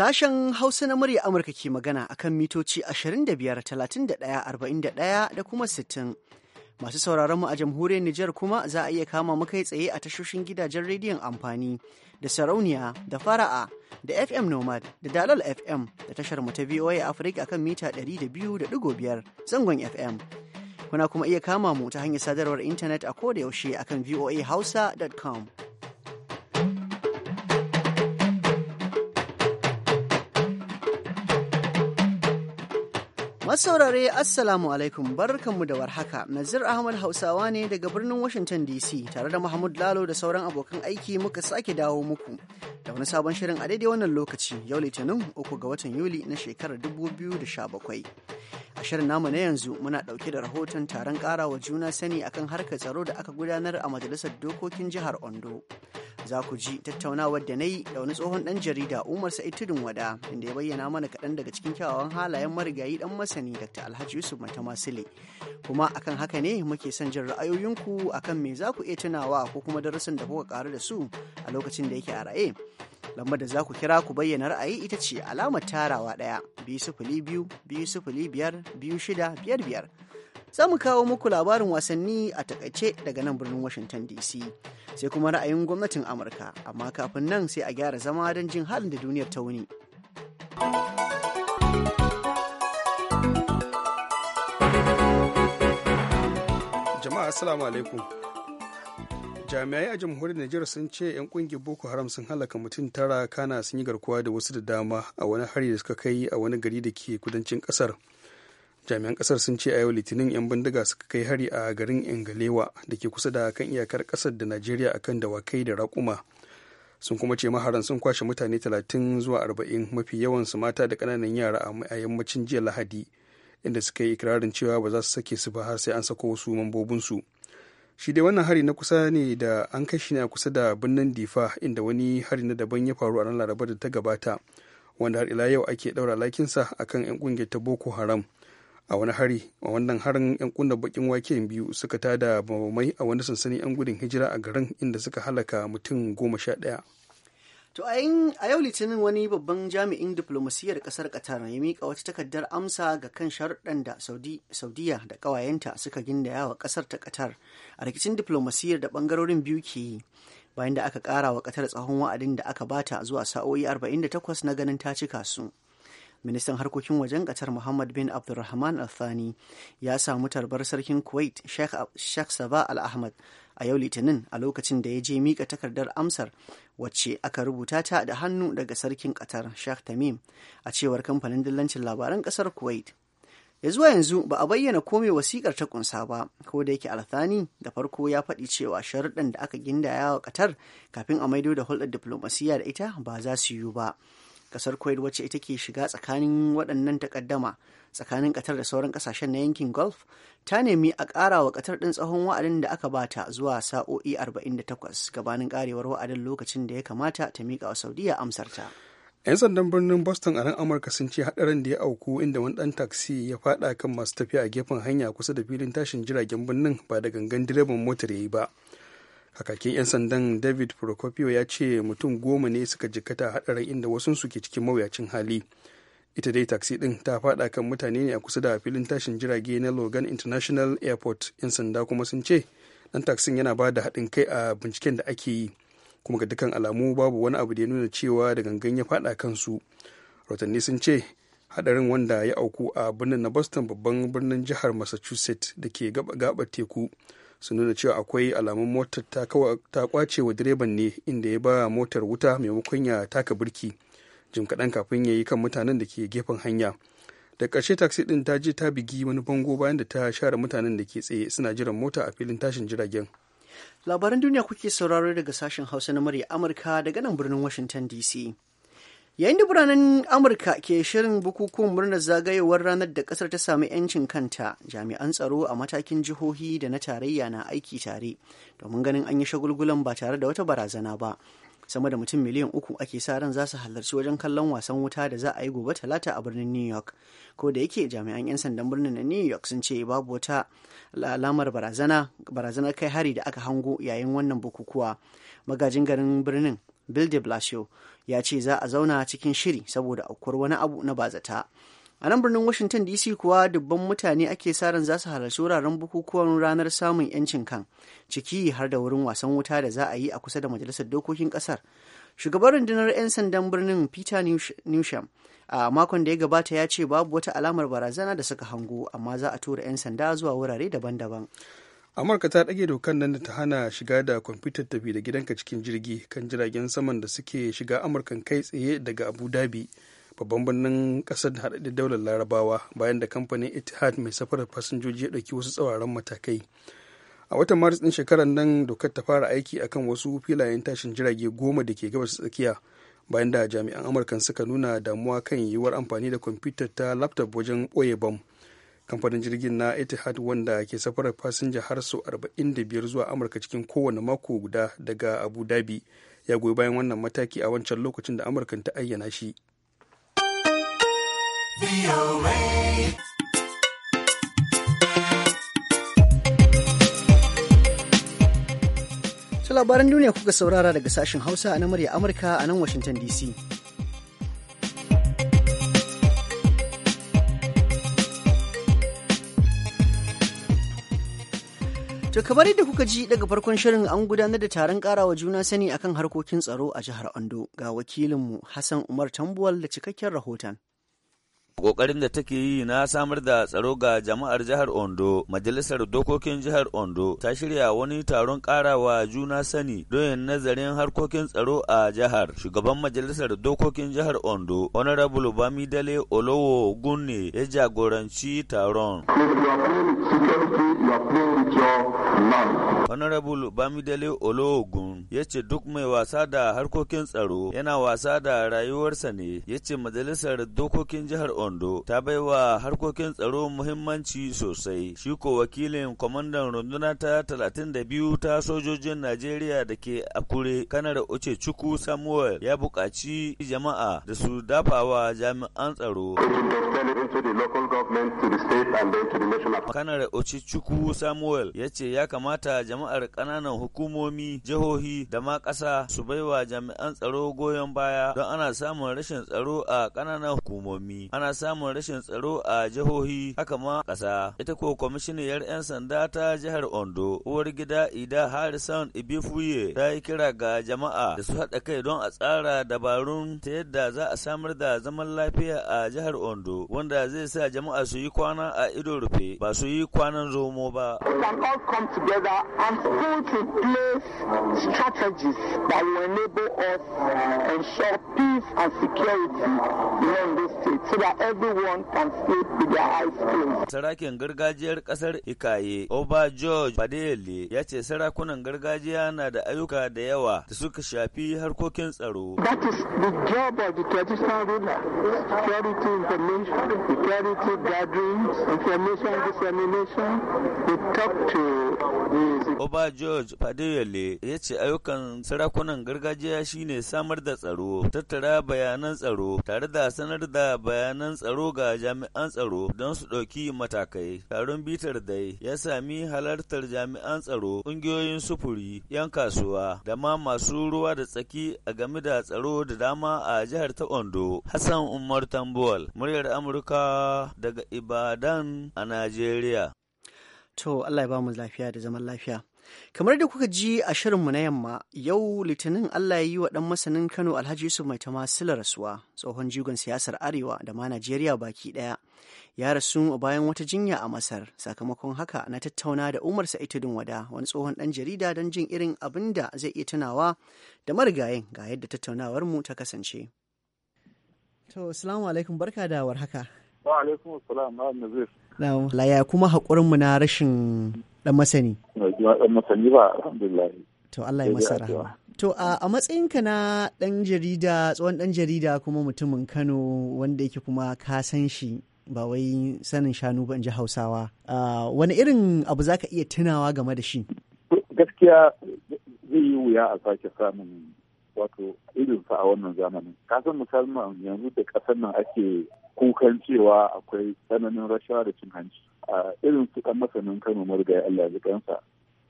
Sashen Hausa na murya Amurka ke magana akan mitoci 25, 31, 41 da kuma 60. Masu sauraron mu a jamhuriyar Nijar kuma za a iya kama mu kai tsaye a tashoshin gidajen rediyon amfani da sarauniya da fara'a da FM Nomad da Dalal FM da tashar mu ta VOA Africa kan mita 200.5 zangon FM. Kuna kuma iya kama mu ta hanyar sadarwar intanet a koda yaushe kan voahausa.com. Masaurare Assalamu alaikum mu da warhaka Nazir Ahmad Hausawa ne daga birnin Washington DC tare da Mahmud Lalo da sauran abokan aiki muka sake dawo muku da wani sabon shirin a daidai wannan lokaci yau litinin uku ga watan Yuli na shekarar 2017. A shirin namu na yanzu muna ɗauke da rahoton taron ƙarawa juna sani akan harkar tsaro da aka gudanar a Majalisar Dokokin Jihar Ondo. za ku ji tattaunawar da na yi da wani tsohon dan jarida Umar Sa'id Tudun Wada inda ya bayyana mana kaɗan daga cikin kyawawan halayen marigayi dan masani Dr. Alhaji Yusuf Matamasile. Kuma akan haka ne muke son jin ra'ayoyinku akan me za ku iya tunawa ko kuma darasin da kuka karu da su a lokacin da yake a raye. Lambar da za ku kira ku bayyana ra'ayi ita ce alamar tarawa ɗaya biyu biyu biyu sifili biyar biyu shida biyar biyar. za mu kawo muku labarin wasanni a takaice daga nan birnin Washington DC. Sai kuma ra'ayin gwamnatin Amurka, amma kafin nan sai a gyara zama don jin halin da duniyar ta wuni. Jama'a Assalamu alaikum. jami'ai a jamhuriyar Najeriya sun ce 'yan kungiyar Boko Haram sun halaka mutum tara kana sun yi garkuwa da wasu da dama a wani hari da suka kai a wani gari da ke kudancin kasar. jami'an kasar sun ce a yau litinin 'yan bindiga suka kai hari a garin ingalewa da ke kusa da kan iyakar kasar da najeriya akan dawakai da raƙuma sun kuma ce maharan sun kwashe mutane 30 zuwa 40 mafi yawansu mata da kananan yara a yammacin jiya lahadi inda suka yi ikirarin cewa ba za su sake su ba har sai an sako wasu mambobinsu shi dai wannan hari na kusa ne da an kai shi ne a kusa da birnin difa inda wani hari na daban ya faru a ran laraba da ta gabata wanda har ila yau ake daura lakinsa akan 'yan kungiyar ta boko haram a wani hari a wannan harin yan kunna bakin wake biyu suka tada bamai a wani sansanin yan gudun hijira a garin inda suka halaka mutum goma sha daya. To a yau litinin wani babban jami'in diplomasiyyar kasar Qatar ya miƙa wata takardar amsa ga kan sharuɗan da Saudiya da ƙawayenta suka gindaya wa ƙasar ta Qatar a rikicin diplomasiyyar da bangarorin biyu ke yi bayan da aka ƙara wa Qatar tsahon wa'adin da aka bata zuwa sa'o'i 48 na ganin ta cika su. ministan harkokin wajen ƙasar muhammad bin abdulrahman al-thani ya samu tarbar sarkin kuwait sheikh saba al-ahmad a yau litinin a lokacin da ya je mika takardar amsar wacce aka rubuta ta da hannu daga sarkin qatar sheikh tamim a cewar kamfanin dillancin labaran ƙasar kuwait ya zuwa yanzu ba a bayyana kome wasikar ta kunsa ba ko da yake althani da farko ya faɗi cewa sharuɗan da aka gindaya wa qatar kafin a maido da hulɗar diflomasiyya da ita ba za su yiwu ba kasar kuwait wacce ita ke shiga tsakanin waɗannan takaddama tsakanin qatar da sauran kasashen na yankin golf ta nemi a ƙara wa qatar ɗin tsohon wa'adin da aka bata zuwa sa'o'i 48 gabanin karewar wa'adin lokacin da ya kamata ta miƙa wa saudiya amsarta 'yan sandan birnin boston a nan amurka sun ce haɗarin da ya auku inda wani dan taksi ya faɗa kan masu tafiya a gefen hanya kusa da filin tashin jiragen birnin ba da gangan direban motar ya yi ba kakakin 'yan sandan david procopio ya ce mutum goma ne suka a hadarin inda wasu suke cikin mawuyacin hali ita dai taksi din ta fada kan mutane ne a kusa da filin tashin jirage na logan international airport 'yan sanda kuma sun ce dan taksin yana ba da haɗin kai a binciken da ake yi kuma ga dukkan alamu babu wani abu da ya nuna cewa da gangan ya fada kansu rotanni sun ce hadarin wanda ya auku a birnin na boston babban birnin jihar massachusetts da ke gaba teku sun nuna cewa akwai alamun motar ta kwace wa direban ne inda ya ba motar wuta maimakon ya taka birki jim kaɗan kafin ya yi kan mutanen da ke gefen hanya da ƙarshe taxi ɗin ta je ta bigi wani bango bayan da ta share mutanen da ke tsaye suna jiran mota a filin tashin jiragen labaran duniya kuke sauraro daga sashen hausa na murya amurka daga nan birnin washington dc yayin da biranen amurka ke shirin bukukuwan murnar zagayowar ranar da kasar ta sami 'yancin kanta jami'an tsaro a matakin jihohi da na tarayya na aiki tare domin ganin an yi shagulgulan ba tare da wata barazana ba sama da mutum miliyan uku ake sa ran za su halarci wajen kallon wasan wuta da za a yi gobe talata a birnin new york ko da yake jami'an 'yan sandan birnin na new york sun ce babu wata alamar barazana barazanar kai hari da aka hango yayin wannan bukukuwa magajin garin birnin bill de blasio ya ce za a zauna cikin shiri saboda aukuwar wani abu na bazata a nan birnin washington dc kuwa dubban mutane ake sa ran za su halarci wuraren bukukuwan ranar samun yancin kan ciki har da wurin wasan wuta da za a yi a kusa da majalisar dokokin kasar shugaban rundunar 'yan sandan birnin peter newsham a makon da ya gabata ya ce babu wata alamar barazana da suka hango amma za a tura 'yan sanda zuwa wurare daban-daban amurka ta ɗage dokan nan da ta hana shiga da kwamfutar tafi da gidanka cikin jirgi kan jiragen saman da suke shiga amurkan kai tsaye daga abu dhabi babban birnin kasar da haɗaɗɗen daular larabawa bayan da kamfanin etihad mai safarar fasinjoji ya ɗauki wasu tsawaran matakai a watan maris ɗin shekarar nan dokar ta fara aiki akan wasu filayen tashin jirage goma da ke gabas tsakiya bayan da jami'an amurka suka nuna damuwa kan yiwuwar amfani da kwamfutar ta laptop wajen ɓoye bam kamfanin jirgin na etihad wanda ke safarar fasinja har sau 45 zuwa amurka cikin kowane mako guda daga abu dhabi ya goyi bayan wannan mataki a wancan lokacin da amurkan ta ayyana shi labaran duniya kuka saurara daga sashen hausa na murya amurka a nan washington dc To kamar yadda kuka ji daga farkon shirin an gudanar da taron karawa juna sani akan harkokin tsaro a jihar Ondo ga wakilinmu Hassan Umar Tambuwal da cikakken rahoton. kokarin da take yi na samar da tsaro ga jama'ar jihar Ondo, majalisar dokokin jihar Ondo ta shirya wani taron karawa juna sani don nazarin harkokin tsaro a jihar. Shugaban majalisar dokokin jihar Ondo, Honorable Bamidele Olowo Gunne ya jagoranci taron. Honorable Bamidele ologun ya ce duk mai wasa da harkokin tsaro yana wasa da rayuwarsa ne ya ce majalisar dokokin jihar Ondo ta bai wa harkokin tsaro muhimmanci sosai. Shi ko wakilin kwamandan runduna ta 32 ta sojojin Najeriya da ke Akure kanar uce Chuku Samuel ya bukaci jama'a da su dafawa jami'an tsaro. Kanar Oce Chuku Samuel ya ce ya kamata jama'a jama'ar ƙananan hukumomi jihohi da ma ƙasa su baiwa jami'an tsaro goyon baya don ana samun rashin tsaro a ƙananan hukumomi ana samun rashin tsaro a jihohi haka ma ƙasa ita ko kwamishiniyar 'yan sanda ta jihar ondo uwar gida ida harrison ibifuye ta yi kira ga jama'a da su haɗa kai don a tsara dabarun ta yadda za a samar da zaman lafiya a jihar ondo wanda zai sa jama'a su yi kwana a ido rufe ba su yi kwanan zomo ba. We can all come together I'm put to place strategies that will enable us ensure peace and security in this state so that everyone can sleep with their eyes closed. Sarakin gargajiyar kasar Ikaye, Oba George Fadele ya ce sarakunan gargajiya na da ayyuka da yawa da suka shafi harkokin tsaro. That is the job of the traditional ruler. Security information, security gathering, information dissemination. We talk to the Oba George Fadeyele ya ce ayyukan sarakunan gargajiya shine samar da tsaro, tattara bayanan tsaro, tare da sanar da bayanan tsaro ga jami'an tsaro don su ɗauki matakai. Taron bitar dai ya sami halartar jami'an tsaro, ƙungiyoyin sufuri, 'yan kasuwa, da ma masu ruwa da tsaki a game da tsaro da dama a jihar ta Ondo. Hassan Umar Tambuwal, muryar Amurka daga Ibadan a Najeriya. To Allah ya ba mu lafiya da zaman lafiya. Kamar da kuka ji a shirinmu na yamma, yau Litinin Allah ya yi wa ɗan masanin Kano Alhaji Yusuf Mai Sila rasuwa, tsohon jigon siyasar Arewa da ma Najeriya baki ɗaya. Ya rasu bayan wata jinya a Masar, sakamakon haka na tattauna da Umar Sa'idudin Wada, wani tsohon ɗan jarida don jin irin abin da zai iya tunawa da marigayin ga yadda tattaunawar mu ta kasance. To, assalamu alaikum barka da warhaka. Wa alaikum assalam, na Nazir. laya kuma mu na rashin ɗan masani. masani ba alhamdulillah. To Allah ya masa To a matsayinka na ɗan jarida tsohon ɗan jarida kuma mutumin Kano wanda yake kuma ka san shi ba wai sanin shanu ba in ji Hausawa. Wani irin abu za ka iya tunawa game da shi? Gaskiya zai yi wuya a sake samun wato irin sa a wannan zamanin kasan musamman yanzu da kasan nan ake kukan cewa akwai tsananin rashawa da cin hanci a irin su ɗan masanin kano ya allah kansa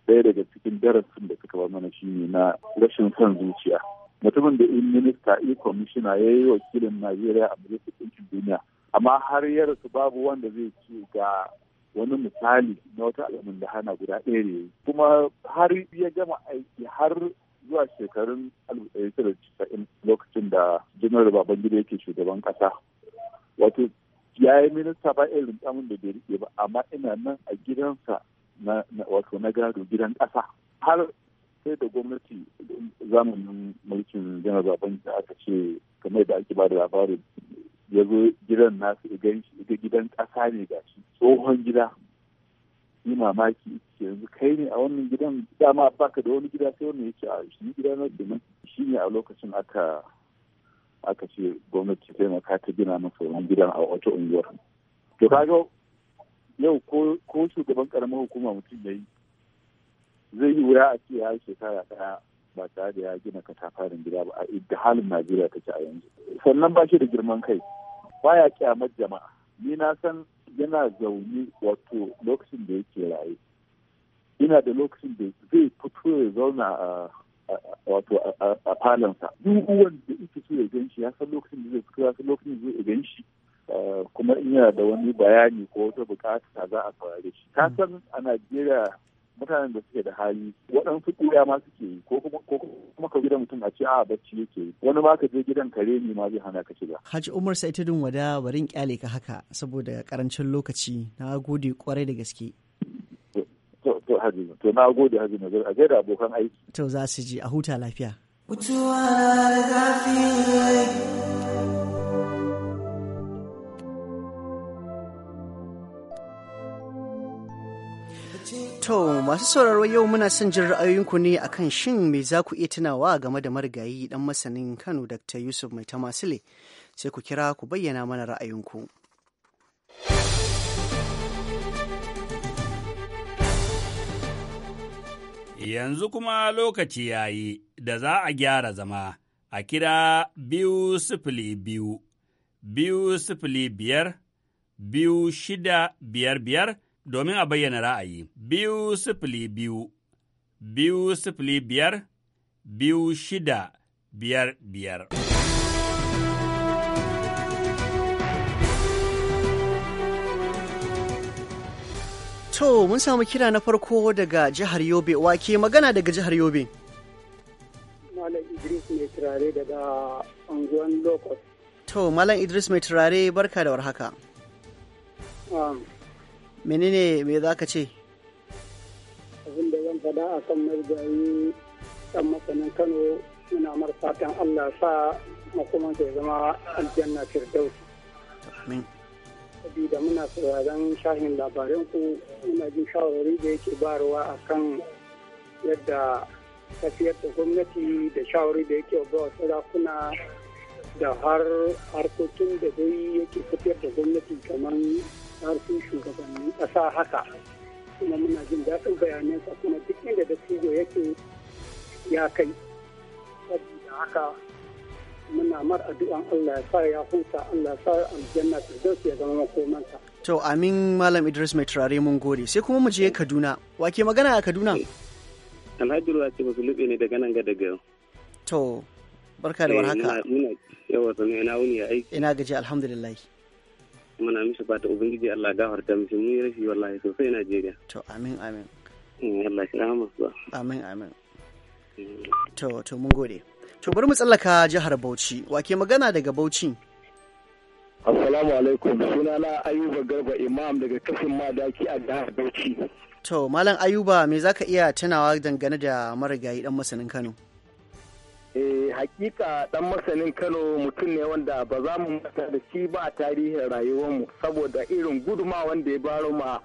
ɗaya daga cikin darasin da suka ba mana shine na rashin son zuciya mutumin da in minista in kwamishina ya yi wakilin najeriya a majalisar ɗinkin duniya amma har ya rasu babu wanda zai ce ga wani misali na wata alamun da hana guda ɗaya ne kuma har ya gama aiki har zuwa shekarun 1990 lokacin da baban gida yake shugaban kasa wato ya yi minista ba irin tsamin da bai rike ba amma ina nan a gidansa wato na gado gidan kasa har sai da gwamnati zamanin mulkin janar gida aka ce kamar da ake ba da labarin ya zo gidan nasu iga gidan kasa ne shi tsohon gida yi mamaki yanzu kai ne a wannan gidan dama baka da wani gida sai wannan yake a shi gida na dama shi ne a lokacin aka aka ce gwamnati taimaka ta gina masa wani gidan a wata unguwar to kaga yau ko shugaban karamar hukuma mutum ya yi zai yi wuya a ce ya shekara daya ba tare da ya gina katafarin gida ba a idda halin najeriya ta ci a yanzu sannan ba shi da girman kai baya kyamar jama'a ni na san yana zaune wato lokacin da yake raye ina da lokacin da zai fito ya zauna a wato a falansa duk wanda yake so ya gan shi ya san lokacin da zai fito ya san lokacin da zai gan shi eh, kuma ina da wani bayani ko wata bukata za a saurare shi ka san a najeriya mutanen da suke da hali waɗansu ƙuya ma suke yi ko kuma ka gidan mutum a ce a bacci yake yi wani ma ka je gidan kare ne ma zai hana ka shiga. Haji Umar sai ta Wada warin kyale ka haka saboda karancin lokaci na gode kwarai da gaske. To to na gode Haji Nazar a gaida abokan aiki. To za su ji a huta lafiya. Mutuwa na da To masu sauraro yau muna son jin ra'ayoyinku ne akan shin me za ku iya tunawa game da marigayi dan masanin Kano Dr. Yusuf Mai Tamasile sai ku kira ku bayyana mana ra'ayinku. Yanzu kuma lokaci yayi da za a gyara zama a kira biyu sifili biyu, biyu sifili biyar, biyu shida biyar biyar domin a bayyana ra'ayi. Biyu sifili biyu, biyu sifili biyar, biyu shida biyar biyar. To, mun samu kira na farko daga jihar Yobe, wake magana daga jihar Yobe. Malam Idris mai turare daga unguwan Lokos. To, Malam Idris mai turare barka da warhaka. Ah, menene me za ka ce abin da zan faɗa a kan marigayi ɗan masanin kano yana mar fatan allah sa makoman ke zama aljanna firdausi amin sabida muna sauraron shahin labaran ku muna jin shawarwari da yake bayarwa a kan yadda tafiyar da gwamnati da shawarwari da yake ba sarakuna da har harkokin da zai yake tafiyar da gwamnati kamar ƙarfin shugabannin ƙasa haka kuma muna jin daɗin bayanansa kuma duk inda da cigo yake ya kai saboda haka muna mar addu'an Allah ya sa ya huta Allah ya sa aljanna firdausi ya zama makomansa. To amin Malam Idris mai turare mun gode sai kuma mu je Kaduna wake magana a Kaduna. Alhaji Ruwa ce ne daga nan ga daga. To barka da warhaka. Eh, ina yawa ina wuni aiki. Ina gaji alhamdulillah. muna mishi fata ubangiji Allah gafarta mishi mun yi rashi wallahi sosai Najeriya to amin amin mm, Allah shi rahama su amin amin mm. to to mun gode to bari mu tsallaka jihar Bauchi wake magana daga Bauchi Assalamu alaikum sunana Ayuba Garba Imam daga kafin madaki a jihar Bauchi to malam Ayuba me zaka iya tunawa dangane da marigayi dan masanin Kano Eh hakika dan masanin Kano mutum ne wanda ba za mu mata da shi ba a tarihin rayuwar mu saboda irin guduma wanda ya baro ma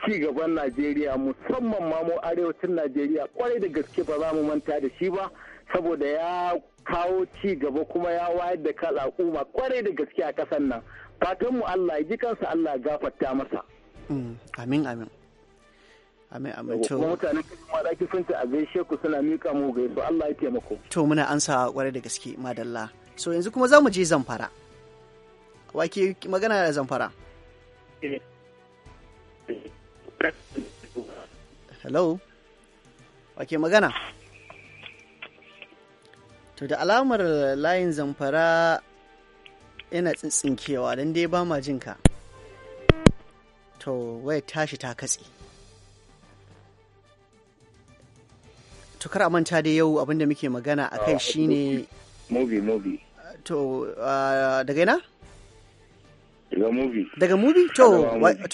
ci gaban Najeriya musamman ma mu arewacin Najeriya kwarai da gaske ba za mu manta da shi ba saboda ya kawo ci gaba kuma ya wayar da kan al'umma kwarai da gaske a kasan nan fatan mu Allah ya ji kansa Allah gafarta masa mm, amin amin Amin amin to. Kuma mutanen kashin da sun ta a gaishe ku suna miƙa mu gaisu Allah ya taimako. To muna ansa kware da gaske madalla. So yanzu kuma za mu je zamfara. Wake magana da zamfara. Hello. Wake magana. To da alamar layin zamfara yana tsintsinkewa don dai ba ma jinka. To wai tashi ta katse. to kar a manta da yau abinda muke magana a kai ah, shine movie movie to ah, daga ina daga movie daga movie to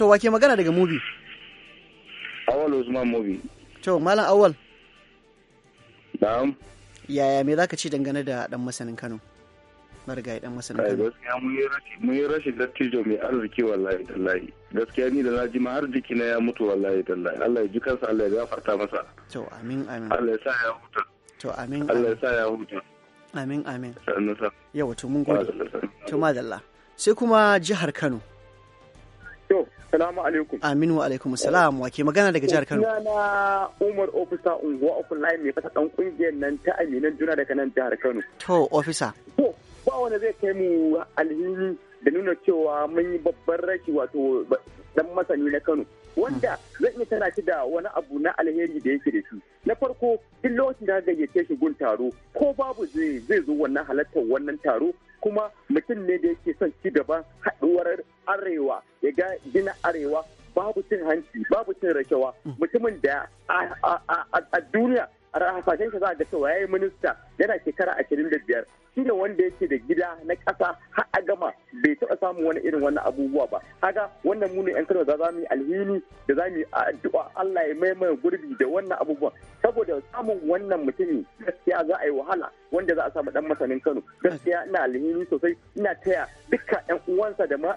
wake magana daga movie awal usman movie to malam awal na'am yaya me zaka ce dangane da dan masanin Kano marigayi dan masanin kano gaskiya mun yi rashi mun yi rashin dattijo mai arziki wallahi tallahi gaskiya ni da na ji ma arziki na ya mutu wallahi tallahi Allah ya ji kansa Allah ya gafarta masa to amin amin Allah ya sa ya huta to amin Allah ya sa ya huta amin amin yawa wato mun gode to madalla sai kuma jihar Kano to salamu alaikum amin wa alaikum salam wa ke magana daga jihar Kano na Umar officer unguwa offline mai fata dan kungiyar nan ta aminan juna daga nan jihar Kano to officer to ba wanda zai kai mu alhini da nuna cewa mun yi babban rashi wato dan masani na Kano wanda zan iya tana shi da wani abu na alheri da yake da shi na farko duk lokacin da gayyace shi gun taro ko babu zai zai zo wannan halartar wannan taro kuma mutum ne da yake son ci gaba haɗuwar arewa ya ga gina arewa babu cin hanci babu cin rashawa mm. mutumin da a duniya a hasashen shi za ga cewa yi minista yana shekara ashirin da biyar shine wanda yake da gida na kasa har a gama bai taɓa samun wani irin wannan abubuwa ba kaga wannan mu yan kano za mu yi alhini da za mu yi addu'a Allah ya maimaya gurbi da wannan abubuwa saboda samun wannan mutumin gaskiya za a yi wahala wanda za a samu dan masanin Kano gaskiya ina alhini sosai ina taya dukkan yan uwansa da ma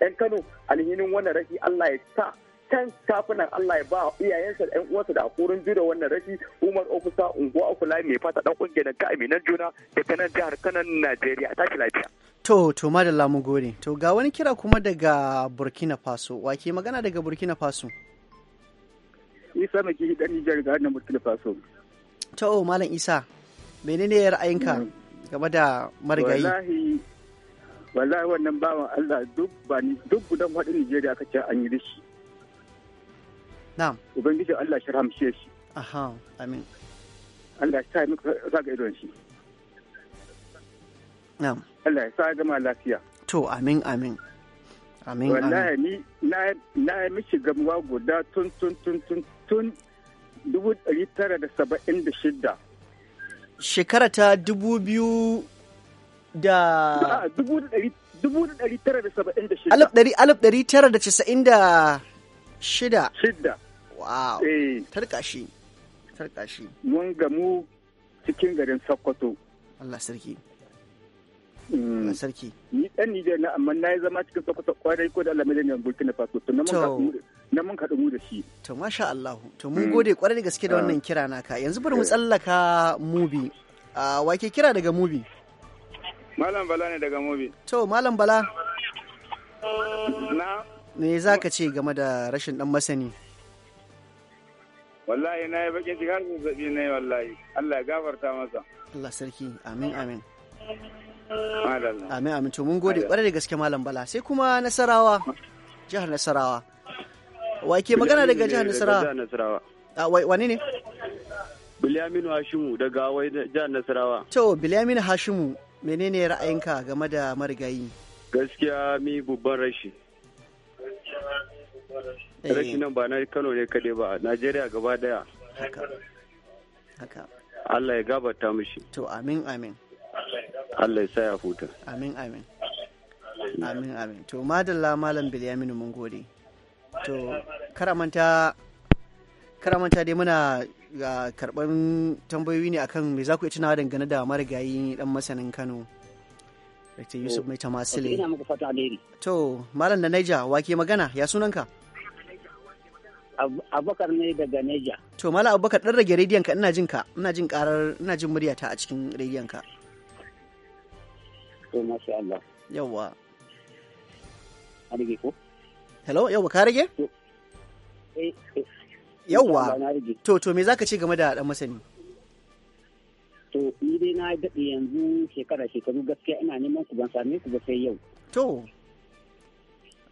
yan Kano alhinin wannan rashi Allah ya sa kan kafinan Allah ya ba iyayensa da 'yan uwansa da hakurin jure wannan rashi Umar Ofisa Unguwa Ofula mai fata dan kungiyar ka aminan juna daga nan jihar Kanan Najeriya tashi lafiya. To, to madalla mu gode. To ga wani kira kuma daga Burkina Faso. Wake magana daga Burkina Faso? Isa mai kihi dan Nijar ga hannun Burkina Faso. To, oh, Malam Isa, menene ra'ayinka mm. game da marigayi? Wallahi, wallahi wannan bawan Allah duk ba ni duk gudan waɗin Nijeriya aka ce an yi dashi. na'am ubangiji Allah shi ramshe shi aha amin Allah ya sa muka zaga idon shi na'am Allah ya sa zama lafiya to amin amin amin wallahi ni na na miki gamuwa guda tun tun tun tun tun dubu ɗari tara da saba'in da shida. shekara ta dubu biyu da dubu ɗari tara da saba'in da shida alif ɗari tara da casa'in da shida shida wow eh. tarkashi tarkashi mun gamu cikin garin sokoto Allah sarki mm. Allah sarki ni dan ni na amma na yi zama cikin sokoto kwarai ko da Allah mai ne Burkina Faso to na mun na mun kaɗu mu da shi to masha Allah to mun mm. gode kwarai da gaske da ah. wannan kira naka yanzu bari mu eh. tsallaka mubi ah, wake kira daga mubi Malam Bala ne daga mubi. To, Malam Bala. Na? Me za ka ce game da rashin ɗan masani? wallahi na yi bakin ciki har zazzabi na yi wallahi Allah ya gafarta masa Allah sarki amin amin amin amin to mun gode kwarai da gaske malam bala sai kuma nasarawa jihar nasarawa wa ke magana daga jihar nasarawa ah, wani ne Bilyaminu Hashimu daga wai jihar Nasarawa. To, Bilyaminu Hashimu, menene ra'ayinka game da marigayi? Gaskiya mi babban rashi. Eh. rashin nan ba na kano ne kadai ba najeriya gaba daya haka allah ya gabata mishi to amin amin allah ya sa ya huta amin amin amin amin to madalla malam bilyaminu mun gode to karamanta karamanta dai muna ah, karban tambayoyi ne akan me za ku iya tunawa dangane da marigayi dan masanin kano Dr. Yusuf Mai Tamasile. To, Malam da Naija, wa ke magana, ya sunanka? Abubakar ne daga Neja. To Mala Abubakar ɗan rage rediyon ka ina jin ka ina jin karar ina jin murya ta a cikin rediyon ka. To masha Allah. Yawwa. A rage ko? Hello yawwa ka rage? Eh, eh. Yawwa. To to me zaka ce game da dan masani? To ni dai na daɗe yanzu shekara shekaru gaskiya ina neman ku ban same ku ba sai yau. To.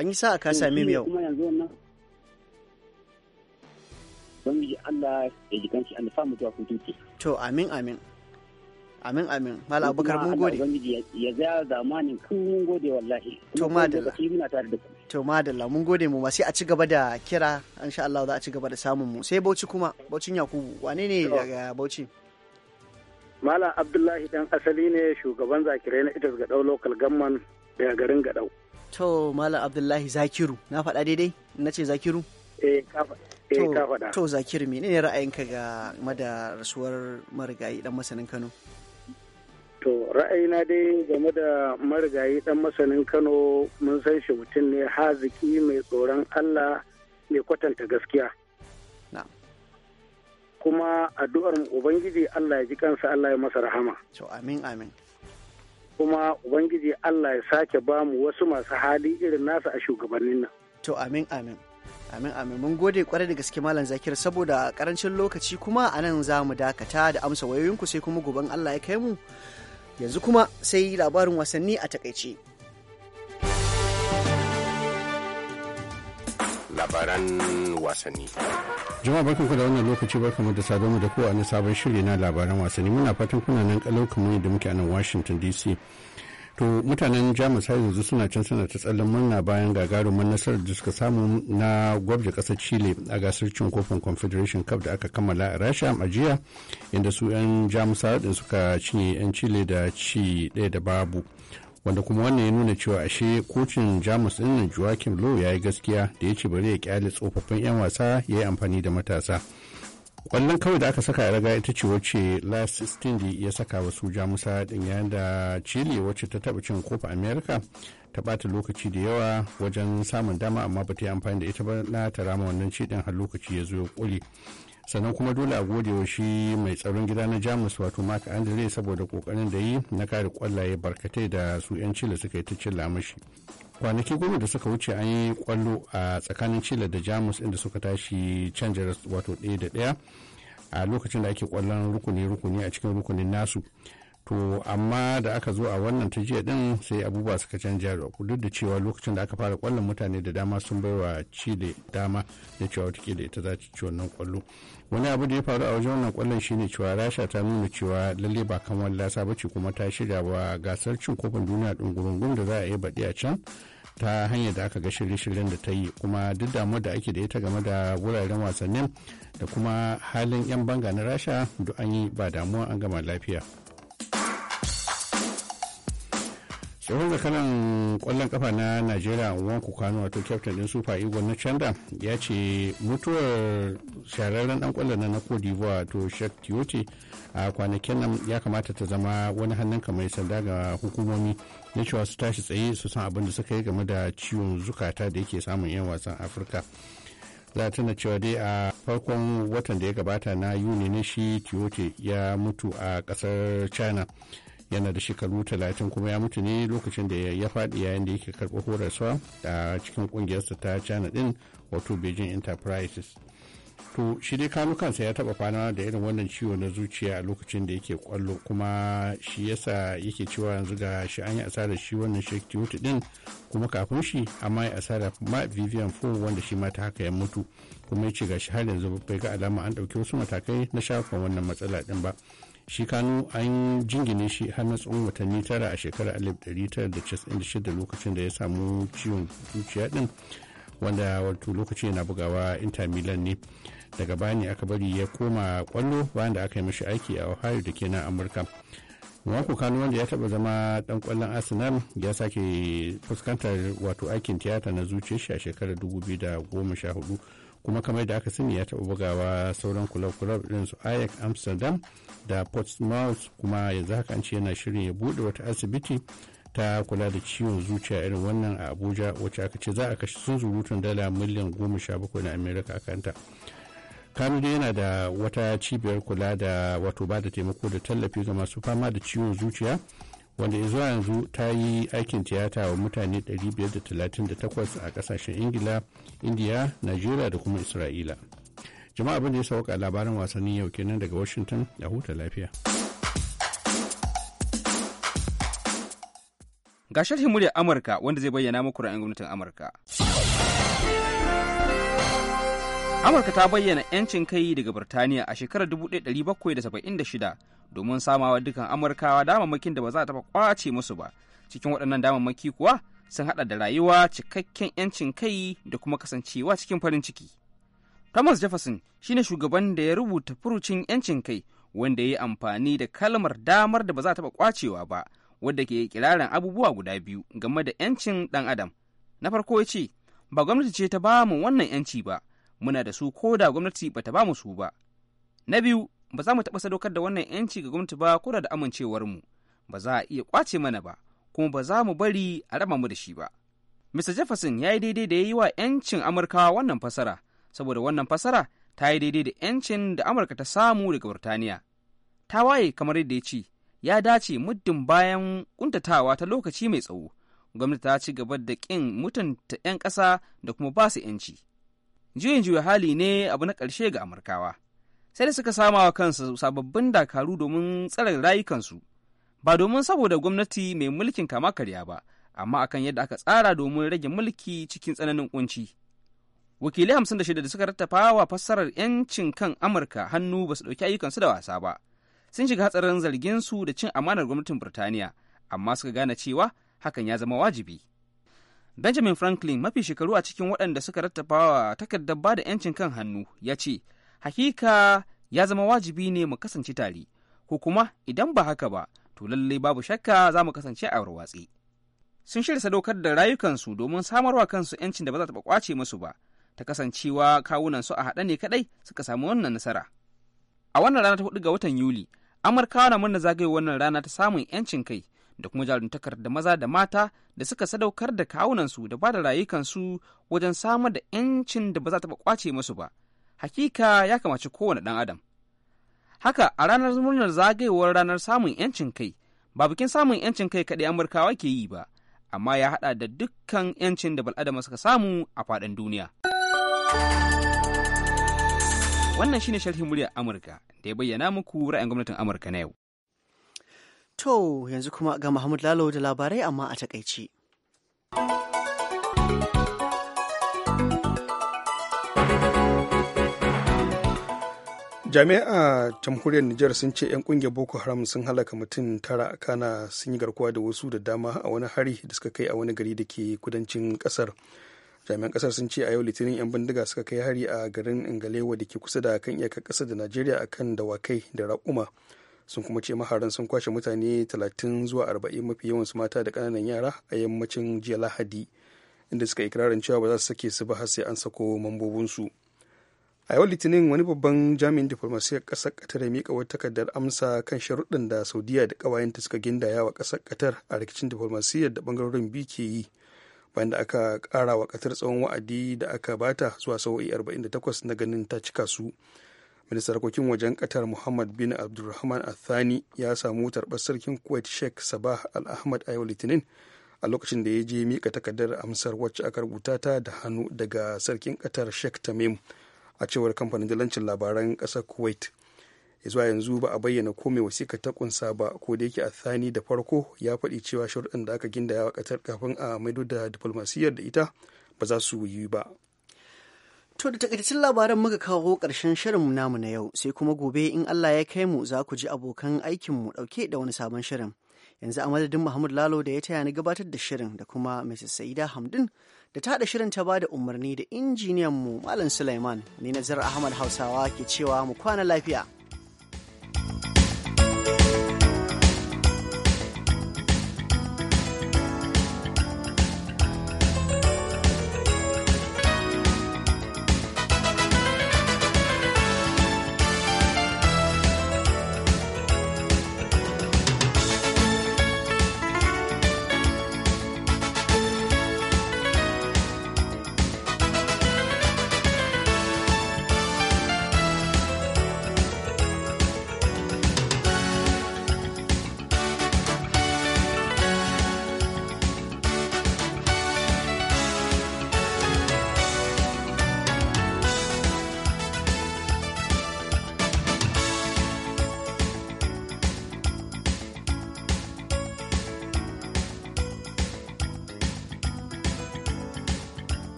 An yi sa ka same mu yau. Kuma yanzu wannan ubangiji Allah ya ji kanshi Allah samu zuwa kun tuke to amin amin amin amin mala abubakar mun gode ubangiji ya zaya zamanin kun mun gode wallahi to madalla muna tare da ku to madalla mun gode mu sai a ci gaba da kira insha Allah za a ci gaba da samun mu sai Bauchi kuma Bauchin Yakubu wane ne daga Bauchi Malam Abdullahi dan asali ne shugaban zakirai na Idris Gadau local gamman daga garin Gadau. To Malam Abdullahi Zakiru na faɗa daidai na ce Zakiru? Eh ka faɗa. Eh, to, to ne menene ra'ayinka ga mada rasuwar marigayi dan masanin kano to ra'ayina dai game da marigayi dan masanin kano mun san shi mutum ne haziki mai tsoron allah mai kwatanta gaskiya kuma addu'ar ubangiji allah ya ji kansa allah ya masa rahama to amin amin kuma ubangiji allah ya sake ba mu wasu masu hali irin nasa a shugabannin nan to amin amin amin amin mun gode kwarai da gaske malam zakir saboda karancin lokaci kuma a nan za mu dakata da amsa wayoyinku sai kuma goben allah ya kai mu yanzu kuma sai labarin wasanni a takaice labaran wasanni. Jama'a barkan ku da wannan lokaci mu da mu da kowa na sabon shiri na labaran wasanni muna fatan kuna nan kalau kamar da muke a nan Washington DC. to mutanen jamus har yanzu suna can suna ta tsallin murna bayan gagarumin nasarar da suka samu na gwabje kasar chile a gasar cin kofin confederation cup da aka kammala a rasha a jiya inda su 'yan jamus din suka cinye 'yan chile da ci ɗaya da babu wanda kuma wannan ya nuna cewa ashe kocin jamus din nan joachim low ya yi gaskiya da ya ce bari ya kyale tsofaffin 'yan wasa ya yi amfani da matasa kwallon kawai da aka saka raga ita ce wacce last 16 ya saka wasu jamusa din yayin da chile wacce ta taba cin kofa america ta bata lokaci da yawa wajen samun dama amma ba ta yi amfani da ita ba na ta rama wannan ci din har lokaci ya zo ya kule sannan kuma dole a gode wa shi mai tsaron gida na jamus wato mark andre saboda kokarin da yi na kare kwallaye barkatai da su 'yan chile suka yi ta cin lamashi. kwanaki goma da suka wuce an yi kwallo a tsakanin chile da jamus inda suka tashi canjar wato ɗaya da ɗaya a lokacin da ake kwallon rukuni-rukuni a cikin rukunin nasu to amma da aka zo a wannan ta jiya din sai abubuwa suka canja duk da cewa lokacin da aka fara kwallon mutane da dama sun bai wa chile dama da cewa watakila ita za ta ci wannan kwallo wani abu da ya faru a wajen wannan kwallon shine cewa rasha ta nuna cewa lalle ba kamar lasa ba ce kuma ta shirya wa gasar cin kofin duniya din gurungun da za a yi baɗi a can ta hanyar da aka ga shirye-shiryen da ta yi kuma duk damu da ake da ita game da wuraren wasannin da kuma halin 'yan banga na rasha duk an yi ba damuwa an gama lafiya tsohon zakaran kwallon kafa na najeriya wanku kwano wato captain din super eagle na chanda ya ce mutuwar shararren dan kwallon na na cote d'ivoire to shek a kwanakin nan ya kamata ta zama wani hannun kamar sanda ga hukumomi na cewa su tashi tsaye su san abin da suka yi game da ciwon zukata da yake samun 'yan wasan afirka za a tuna cewa dai a farkon watan da ya gabata na yuni na shi tiyote ya mutu a kasar china yana da shekaru talatin kuma ya mutu ne lokacin da ya faɗi yayin da yake karɓar horaswa a cikin ƙungiyarsa ta china din wato beijing enterprises to shi dai kano kansa ya taba kwana da irin wannan ciwo na zuciya a lokacin da yake kwallo kuma shi yasa yake cewa yanzu ga shi an yi asarar shi wannan shakti din kuma kafin shi amma ya asara ma vivian fo wanda shi mata haka ya mutu kuma ya ce ga shi har yanzu bai ga alama an ɗauki wasu matakai na shafa wannan matsala din ba shi kanu an jingine shi har na tsawon watanni tara a shekarar 1996 lokacin da ya samu ciwon zuciya din wanda wato lokaci yana bugawa inter milan ne daga bani aka bari ya koma kwallo bayan da aka yi mashi aiki a ohio da ke nan amurka Mako Kano wanda ya taba zama dan kwallon Arsenal ya sake fuskantar wato aikin tiyata na zuciya shi a shekarar 2014 kuma kamar da aka sani ya taba bugawa sauran kulab-kulab din su Ajax Amsterdam da Portsmouth kuma yanzu haka an ce yana shirin ya bude wata asibiti ta kula da ciwon zuciya irin wannan a abuja wacce aka ce za a kashe sun zurutun dala miliyan goma sha bakwai na amerika a kanta kano dai yana da wata cibiyar kula da wato ba da taimako da tallafi ga masu fama da ciwon zuciya wanda ya zuwa yanzu ta yi aikin tiyata wa mutane 538 a kasashen ingila indiya najeriya da kuma isra'ila jama'a abin da ya sauka labarin wasannin yau kenan daga washington a huta lafiya. Ga sharhin muryar Amurka wanda zai bayyana muku ra'ayin gwamnatin Amurka. Amurka ta bayyana 'yancin kai daga Birtaniya a shekarar 1776 domin samawa dukan Amurkawa damammakin da ba za a taɓa kwace musu ba. Cikin waɗannan damammaki kuwa sun haɗa da rayuwa cikakken 'yancin kai da kuma kasancewa cikin farin ciki. Thomas Jefferson shine shugaban da ya rubuta furucin 'yancin kai wanda ya yi amfani da kalmar damar da ba za a taɓa kwacewa ba wadda ke kirarin abubuwa guda biyu game da 'yancin ɗan adam na farko ya ce ba gwamnati ce ta ba mu wannan 'yanci ba muna da su ko da gwamnati ba ta ba mu su ba na biyu ba za mu taɓa sadaukar da wannan 'yanci ga gwamnati ba ko da amincewar mu ba za a iya kwace mana ba kuma ba za mu bari a raba mu da shi ba Mr. Jefferson ya yi daidai da ya yi wa 'yancin Amurkawa wannan fasara saboda wannan fasara ta yi daidai da 'yancin da Amurka ta samu daga Burtaniya. Ta waye kamar yadda ya ce, ya dace muddin bayan kuntatawa ta lokaci mai tsawo gwamnati ta ci gaba da ƙin mutunta 'yan ƙasa da kuma ba su 'yanci juyin juya hali ne abu na ƙarshe ga amurkawa sai da suka sama wa kansu sababbin dakaru domin tsare rayukansu ba domin saboda gwamnati mai mulkin kama karya ba amma akan yadda aka tsara domin rage mulki cikin tsananin kunci wakilai hamsin da shida da suka rattafa wa fassarar 'yancin kan amurka hannu ba su ɗauki ayyukansu da wasa ba sun shiga hatsarin zargin su da cin amanar gwamnatin Birtaniya, amma suka gane cewa hakan ya zama wajibi. Benjamin Franklin mafi shekaru a cikin waɗanda suka rattafawa takardar ba da 'yancin kan hannu ya ce, Hakika ya zama wajibi ne mu kasance tare, ko kuma idan ba haka ba, to lallai babu shakka za mu kasance a warwatse. Sun shirya sadaukar da rayukansu domin samarwa kansu 'yancin da ba za ta kwace musu ba, ta kasancewa kawunan su a haɗa ne kaɗai suka samu wannan nasara. A wannan rana ta hudu ga watan Yuli, amurkawa na murna zagayowar wannan rana ta samun 'yancin kai da kuma jarumtakar da maza da mata da suka sadaukar da kawunansu da ba da rayukansu wajen samar da 'yancin da ba za ta kwace musu ba hakika ya kamaci kowane ɗan adam haka a ranar murnar zagayowar ranar samun 'yancin kai ba bikin samun 'yancin kai kaɗai amurkawa ke yi ba amma ya haɗa da dukkan 'yancin da bal'adama suka samu a faɗin duniya wannan shine sharhin amurka da ya bayyana muku ra'ayin gwamnatin Amurka na yau. To yanzu kuma ga Muhammad Lalo da labarai amma a takaici. jami'a jamhuriyar nijar sun ce 'yan kungiyar boko haram sun halaka mutum tara kana sun yi garkuwa da wasu da dama a wani hari da suka kai a wani gari da ke kudancin kasar jami'an kasar sun ce a yau litinin 'yan bindiga suka kai hari a garin ingalewa da ke kusa da kan iyakar kasar da najeriya akan dawakai da raƙuma sun kuma ce maharan sun kwashe mutane 30 zuwa 40 mafi yawansu mata da kananan yara a yammacin jiya lahadi inda suka ikirarin cewa ba za su sake su ba har sai an sako mambobinsu a yau litinin wani babban jami'in diplomasiyyar kasar qatar ya mika wata takardar amsa kan sharuɗin da saudiya da ƙawayenta suka gindaya wa ƙasar qatar a rikicin diflomasiyyar da ɓangarorin biyu ke yi bayan da aka kara wa ƙasar tsawon wa'adi da aka bata zuwa sau'i 48 na ganin ta cika su ministan harkokin wajen katar muhammad bin abdulrahman athani ya samu tarbar sarkin kuwait sheikh sabah al-ahmad a yau litinin a lokacin da ya je mika takardar amsar wacce aka rubuta ta da hannu daga sarkin katar sheikh tamim a cewar kamfanin dalancin labaran ƙasar kuwait ya zuwa yanzu ba a bayyana ko mai wasiƙa ta kunsa ba ko da yake a athani da farko ya faɗi cewa sharuɗan da aka ginda ya wakatar kafin a maido da diflomasiyyar da ita ba za su yi ba To da takaitaccen labaran muka kawo ƙarshen shirin namu na yau sai kuma gobe in Allah ya kai mu za ku ji abokan aikin mu ɗauke da wani sabon shirin. Yanzu a madadin Muhammad Lalo da ya taya ni gabatar da shirin da kuma Mrs. Sa'ida Hamdin da ta da shirin ta bada umarni da injiniyan mu Malam ne ni Nazar Ahmad Hausawa ke cewa mu kwana lafiya.